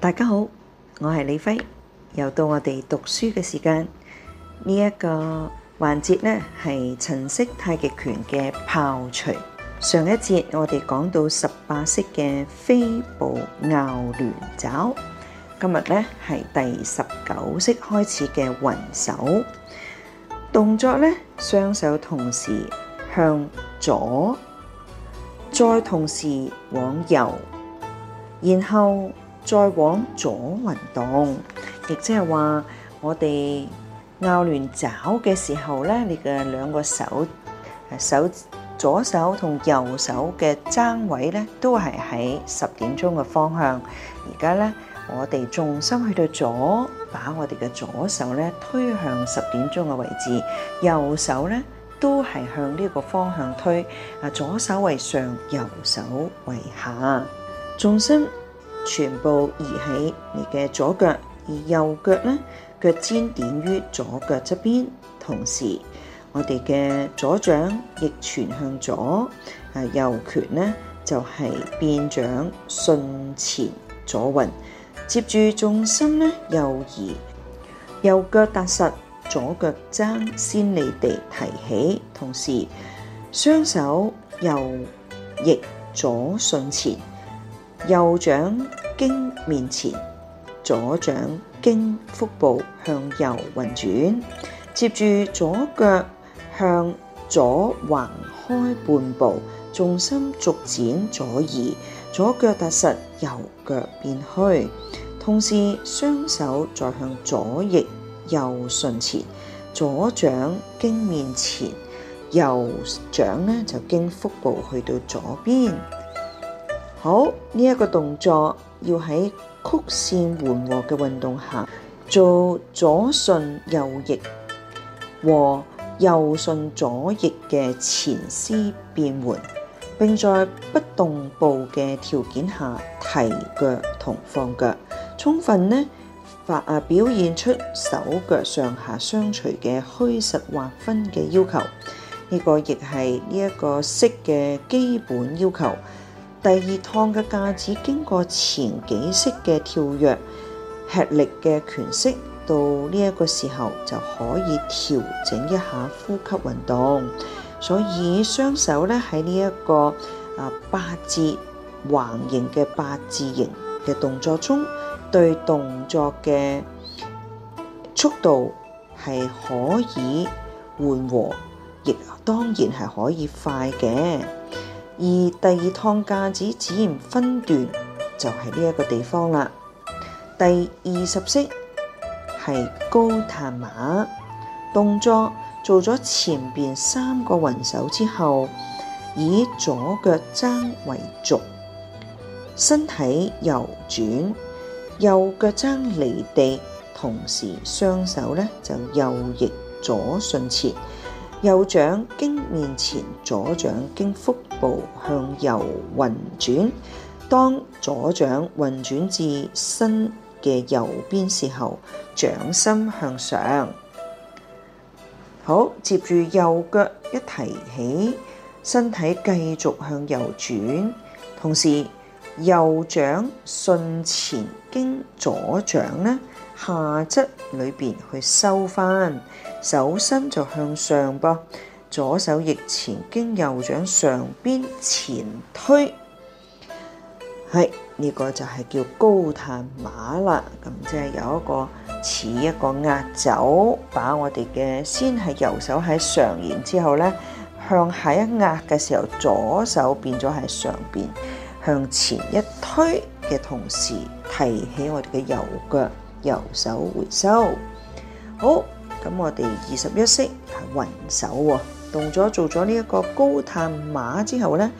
大家好，我係李輝，又到我哋讀書嘅時間。這個、環節呢一個環節咧，係陳式太極拳嘅炮捶。上一節我哋講到十八式嘅飛步拗連爪，今日呢係第十九式開始嘅雲手動作呢，雙手同時向左，再同時往右，然後。再往左運動，亦即係話我哋拗亂爪嘅時候咧，你嘅兩個手，手左手同右手嘅爭位咧，都係喺十點鐘嘅方向。而家咧，我哋重心去到左，把我哋嘅左手咧推向十點鐘嘅位置，右手咧都係向呢個方向推。啊，左手為上，右手為下，重心。全部移喺你嘅左腳，而右腳咧，腳尖點於左腳側邊，同時我哋嘅左掌亦傳向左，啊右拳咧就係變掌順前左運，接住重心咧右移，右腳踏實，左腳踭先離地提起，同時雙手右逆左順前。右掌經面前，左掌經腹部向右運轉，接住左腳向左橫開半步，重心逐漸左移，左腳踏實，右腳變虛，同時雙手再向左逆，右順前，左掌經面前，右掌呢就經腹部去到左邊。好，呢一個動作要喺曲線緩和嘅運動下做左順右逆和右順左逆嘅纏絲變換，並在不動步嘅條件下提腳同放腳，充分呢發啊表現出手腳上下相隨嘅虛實劃分嘅要求。呢個亦係呢一個式嘅基本要求。第二趟嘅架子經過前幾式嘅跳躍、吃力嘅拳式，到呢一個時候就可以調整一下呼吸運動。所以雙手咧喺呢一個啊八字橫形嘅八字形嘅動作中，對動作嘅速度係可以緩和，亦當然係可以快嘅。而第二趟架子自然分段，就係呢一個地方啦。第二十式係高探馬動作，做咗前邊三個雲手之後，以左腳踭為軸，身體右轉，右腳踭離地，同時雙手咧就右逆左順前，右掌經面前，左掌經腹。步向右運轉，當左掌運轉至身嘅右邊時候，掌心向上。好，接住右腳一提起，身體繼續向右轉，同時右掌順前經左掌呢下側裏面，去收返，手心就向上噃。左手逆前經右掌上邊前推，係呢、這個就係叫高探馬啦。咁即係有一個似一個壓肘，把我哋嘅先係右手喺上，然之後咧向下一壓嘅時候，左手變咗喺上邊向前一推嘅同時，提起我哋嘅右腳，右手回收。好，咁我哋二十一式係雲手、啊。動咗做咗呢一個高探馬之後呢，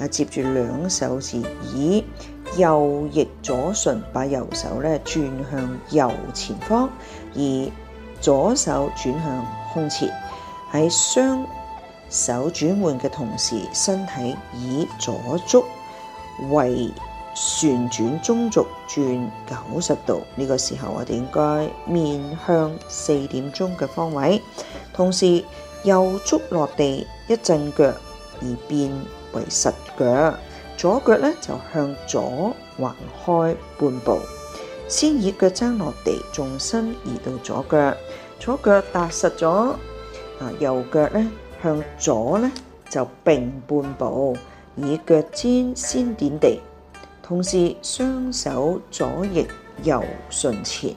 誒、啊、接住兩手指，以右逆左順，把右手咧轉向右前方，而左手轉向胸前。喺雙手轉換嘅同時，身體以左足為旋轉中軸轉九十度。呢、這個時候我哋應該面向四點鐘嘅方位，同時。右足落地，一震腳而變為實腳，左腳咧就向左橫開半步，先以腳踭落地，重心移到左腳，左腳踏實咗，右腳咧向左咧就並半步，以腳尖先點地，同時雙手左翼右順前。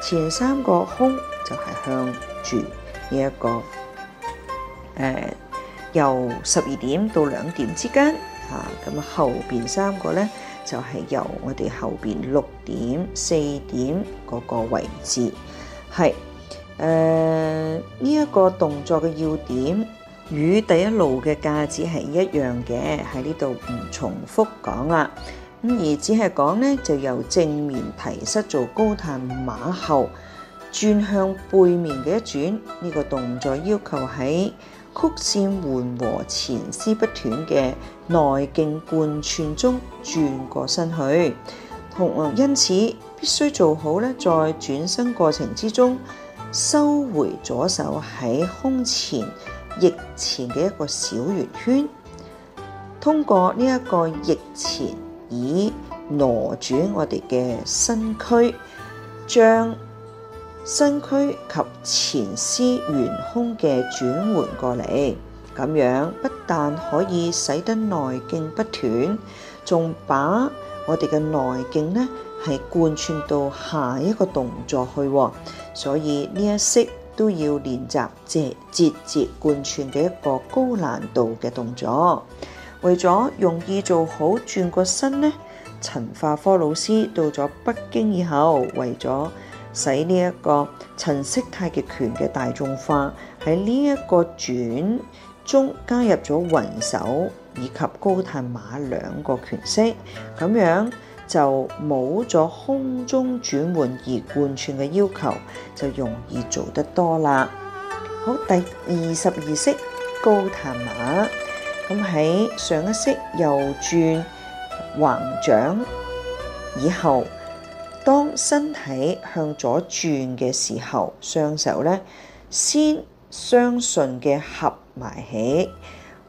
前三個胸就係向住呢一個誒、呃，由十二點到兩點之間嚇，咁、啊、後邊三個咧就係、是、由我哋後邊六點、四點嗰個位置係誒呢一個動作嘅要點，與第一路嘅架子係一樣嘅，喺呢度唔重複講啦。咁而只係講呢，就由正面提膝做高探馬後轉向背面嘅一轉，呢、這個動作要求喺曲線緩和、前絲不斷嘅內勁貫串中轉過身去。同因此必須做好呢，在轉身過程之中收回左手喺胸前逆前嘅一個小圓圈，通過呢一個逆前。以挪轉我哋嘅身軀，將身軀及前肢懸空嘅轉換過嚟，咁樣不但可以使得內勁不斷，仲把我哋嘅內勁呢係貫穿到下一個動作去、哦。所以呢一式都要練習節節節貫穿嘅一個高難度嘅動作。為咗容易做好轉個身呢，陳化科老師到咗北京以後，為咗使呢一個陳式太極拳嘅大眾化，喺呢一個轉中加入咗雲手以及高探馬兩個拳式，咁樣就冇咗空中轉換而貫穿嘅要求，就容易做得多啦。好，第二十二式高探馬。咁喺上一式右轉橫掌以後，當身體向左轉嘅時候，雙手咧先雙順嘅合埋起。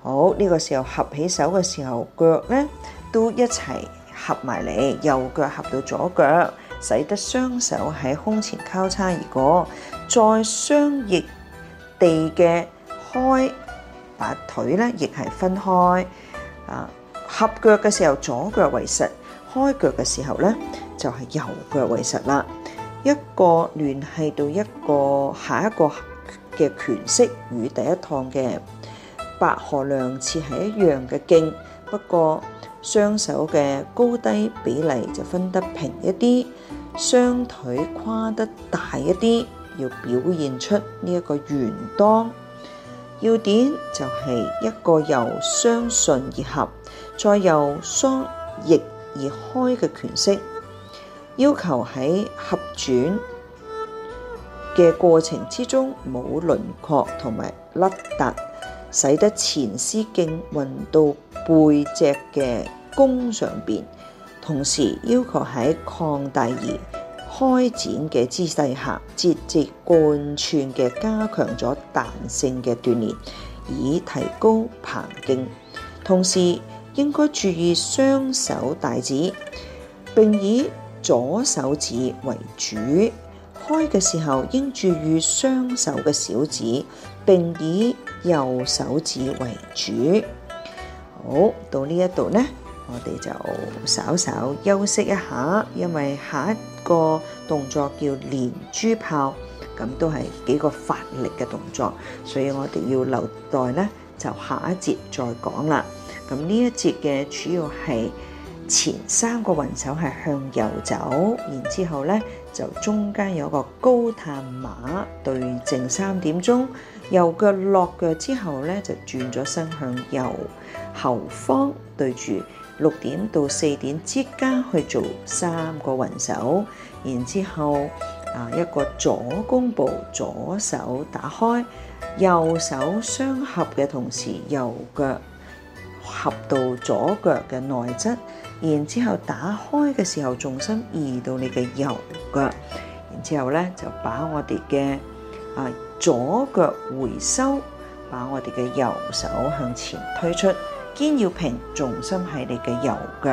好，呢個時候合起手嘅時候，腳咧都一齊合埋嚟，右腳合到左腳，使得雙手喺胸前交叉而過，再雙翼地嘅開。把腿咧亦係分開，啊合腳嘅時候左腳為實，開腳嘅時候咧就係右腳為實啦。一個聯繫到一個下一個嘅拳式，與第一趟嘅白鶴亮翅係一樣嘅勁，不過雙手嘅高低比例就分得平一啲，雙腿跨得大一啲，要表現出呢一個圓當。要點就係一個由雙順而合，再由雙逆而開嘅拳式，要求喺合轉嘅過程之中冇輪廓同埋甩突，使得前絲勁運到背脊嘅弓上邊，同時要求喺擴大二。開展嘅姿勢下，節節貫串嘅加強咗彈性嘅鍛煉，以提高彈勁。同時應該注意雙手大指，並以左手指為主；開嘅時候應注意雙手嘅小指，並以右手指為主。好，到呢一度呢，我哋就稍稍休息一下，因為下一。個動作叫連珠炮，咁都係幾個發力嘅動作，所以我哋要留待咧就下一節再講啦。咁呢一節嘅主要係前三個雲手係向右走，然之後咧就中間有個高探馬對正三點鐘，右腳落腳之後咧就轉咗身向右後方對住。六點到四點之間去做三個雲手，然之後啊，一個左弓步，左手打開，右手相合嘅同時右腳合到左腳嘅內側，然之後打開嘅時候重心移到你嘅右腳，然之後咧就把我哋嘅啊，左腳回收，把我哋嘅右手向前推出。肩要平，重心喺你嘅右腳，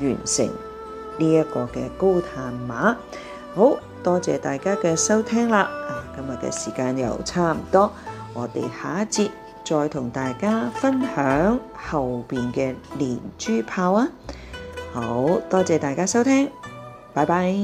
完成呢一個嘅高探馬。好多謝大家嘅收聽啦！啊，今日嘅時間又差唔多，我哋下一節再同大家分享後邊嘅連珠炮啊！好多謝大家收聽，拜拜。